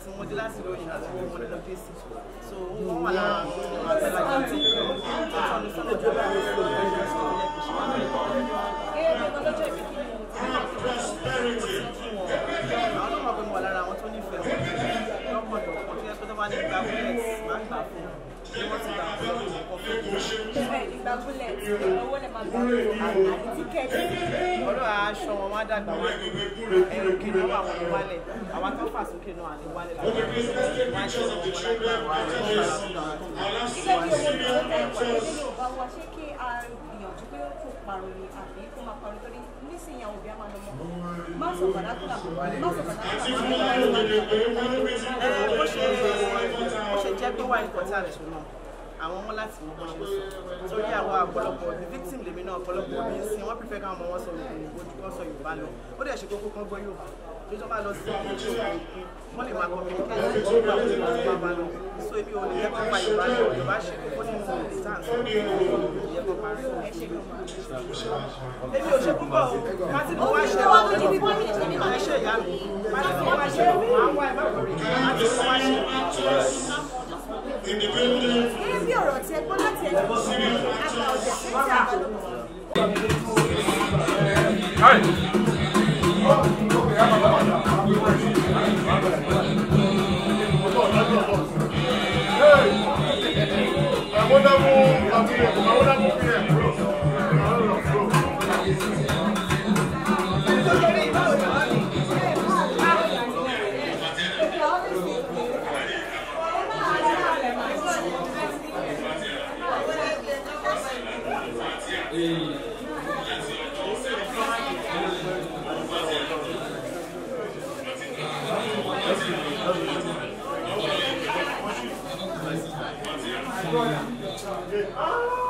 àti wọn dé láti lóyún àti wọn wọlé lọ sí so wọn wà lára àwọn àgbàlagbà tí wọn tó tọ́nu sọ́nà tó bá wọn lò lórí ẹ̀sìn ìpínlẹ̀ kìṣẹ́. àwọn náà mọ̀ pé mo wà lára àwọn tó nífẹ̀ẹ́ wọn lọ́pọ̀lọpọ̀ tó yẹ kó tó bá ní ìgbà wọlé máa ń gbà fún wọn ra búlẹ̀tì owó lè máa gbà lò àti tíkẹ́ẹ̀tì ọlọ́wà aṣọ wọn wá dàgbà wá ní ẹ̀rù kí ni wọ́n àwọn ìwálẹ̀ àwọn tó fà sókè náà àti ìwálẹ̀ làwọn máa ṣe wọn wá ní nísìnyí àwọn òbí á máa lọ mọ má sọ pàdákùlà má sọ pàdákùlà má sọ pàdákùlà. ó ṣe jẹ́ pé wà ní kọ́tà rẹ̀ ṣùgbọ́n àwọn wọn láti wọ́n bọ́n ṣe sọ torí àwọn ọ̀pọ̀lọpọ̀ the victim lèmi náà ọ̀pọ̀lọpọ̀ mi ń sin wọ́n prefer káwọn ọmọ wọn sọ òyìnbó ju kán sọ yorùbá lọ ó dẹ̀ ṣe kókó kán gbọ́ yorùbá tó tó máa lọ sí ọmọ tó kàn kí wọ́n lè máa communicate tó bá wọn lọ bá bá lọ so ebi ò lè yẹ kó pa yorùbá lọ yorùbá ṣe kókó nínú distance yẹ kó parí èmi ò ṣe púpọ̀ o pátí mo wá ṣe ọ̀pọ̀lọpọ̀ ẹ ṣe ìyá mi. É Ai!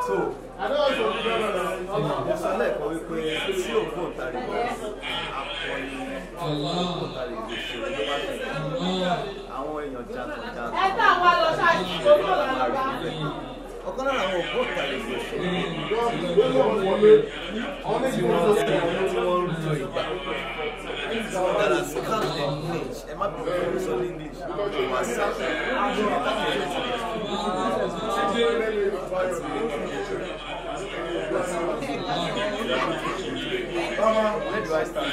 so mo sọ lẹ́ẹ̀kan wípé tí ògbóǹtarì akọni ògbóǹtarì ìgbésẹ̀ bá tẹ̀lé àwọn èèyàn jàǹtàn jàǹtàn ẹgbẹ́ bá ọ̀kan lára àwọn ògbóǹtarìgì òṣèlú ọ̀dàlà scam language ẹ má bẹ̀rẹ̀ fún ìsọ ní english whatsapp àbúrò àti Where do I stand?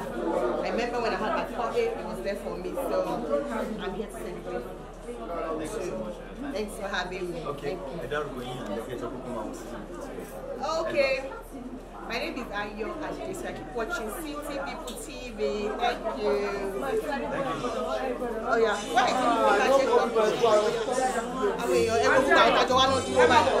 I remember when I had my pocket, it was there for me. So I'm here to celebrate. Thanks for having me. Okay. Okay. My name is Ayo Ajidesi. I keep watching City People TV. Thank you. Oh yeah. Why? I'm a your everyone. I don't want to do that.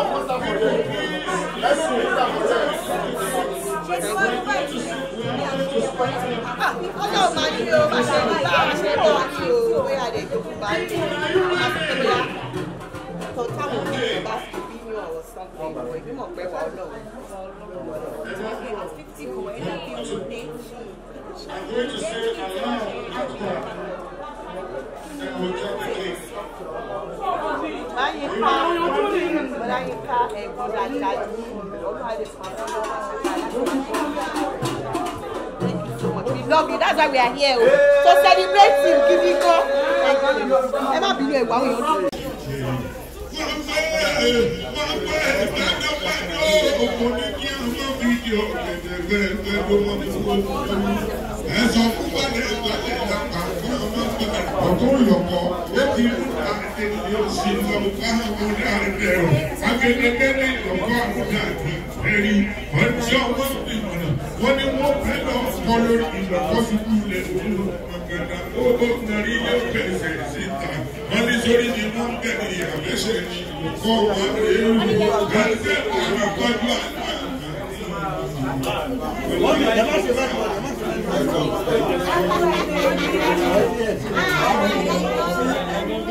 I'm going to say, máa ṣe ní bá a ṣe bọ́ wa ní o pé àdè yòókù bá ní àfikúnlá tó táwọn òbí bá fi bí ní ọ̀rọ̀ sanwó ìwọ̀ ìbímọ pẹ́ wà ọlọ́run. Thank you ìka bọ́lá ìka ẹ̀gbọ́n dáadáa yìí ọlọ́run á lè fún àwọn We love you. That's why we are here. So celebrate him, give him go. Ẹ má bínú ẹ̀wọ̀ àwọn èèyàn dùn. Ẹ sọ fún wa ní ẹgbẹ́ ẹ̀ka kan ọmọ ìgbà ọ̀tún ìyọ̀kọ̀ ó ti rí akẹ́kẹ́kẹ́lẹ́ ìjọba àkúdà ẹ̀rí ọjọ́ wọ́n fi mọ̀nà wọ́n ní wọ́n fẹ́ lọ kọ́ lórí ìgbàkọ́sùkú ilẹ̀ òun ọ̀gàdà ó ó nàrí ilé pẹ̀sẹ̀ síta wọ́n ní sórí ni wọ́n a ìyàmẹ́sẹ̀ kọ́ wọn èèwù gbàgbé àwọn àgbájú àná. Wọ́n ní ìjọba ṣe bá wọn.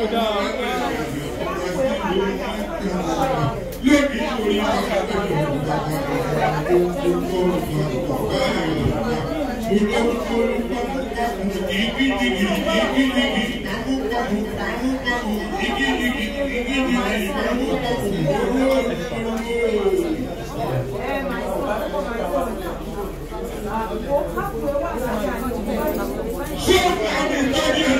lónìí lórí Show me how to